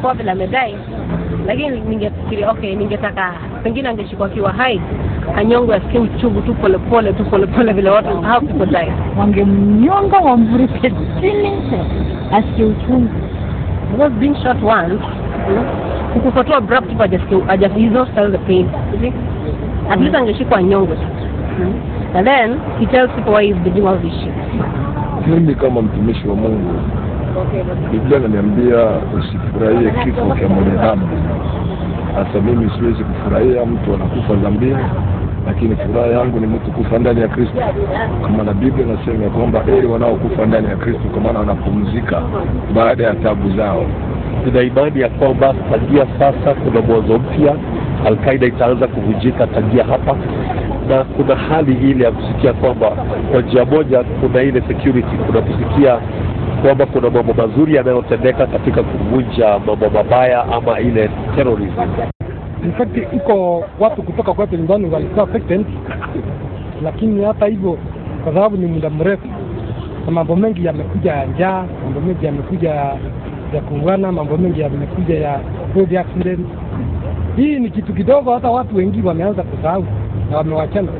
alikuwa vile amedai lakini ningefikiria okay ningetaka pengine angeshikwa akiwa hai anyongwe asikie uchungu tu polepole tu polepole vile watu hao people die wangemnyonga wamvurishe chini asikie uchungu because being shot once kukufa tu abrupt tu ajasikia he's not felt the pain at least angeshikwa anyongwe and then he tells people why he's the doing all this shit mimi kama mtumishi wa Mungu Biblia inaniambia usifurahie kifo cha mwenye dhambi. Hasa mimi siwezi kufurahia mtu anakufa dhambini, lakini furaha yangu ni mtu kufa ndani ya Kristo, kwa maana Biblia inasema ya kwamba heri wanaokufa ndani ya Kristo, kwa maana wanapumzika baada ya tabu zao. Nina imani ya kwamba tangia sasa kuna mwanzo mpya. Alkaida itaanza kuvunjika tangia hapa na kuna hali ile ya kusikia kwamba kwa njia moja kuna ile security, kuna kusikia kwamba kuna mambo mazuri yanayotendeka katika kuvunja mambo mabaya ama ile terrorism. In fact iko watu kutoka kwetu nyumbani walikuwa affected, lakini hata hivyo, kwa sababu ni muda mrefu na mambo mengi yamekuja ya njaa, mambo mengi yamekuja ya kuuana, mambo mengi yamekuja ya road accident. Hii ni kitu kidogo, hata watu wengi wameanza kusahau na wamewachana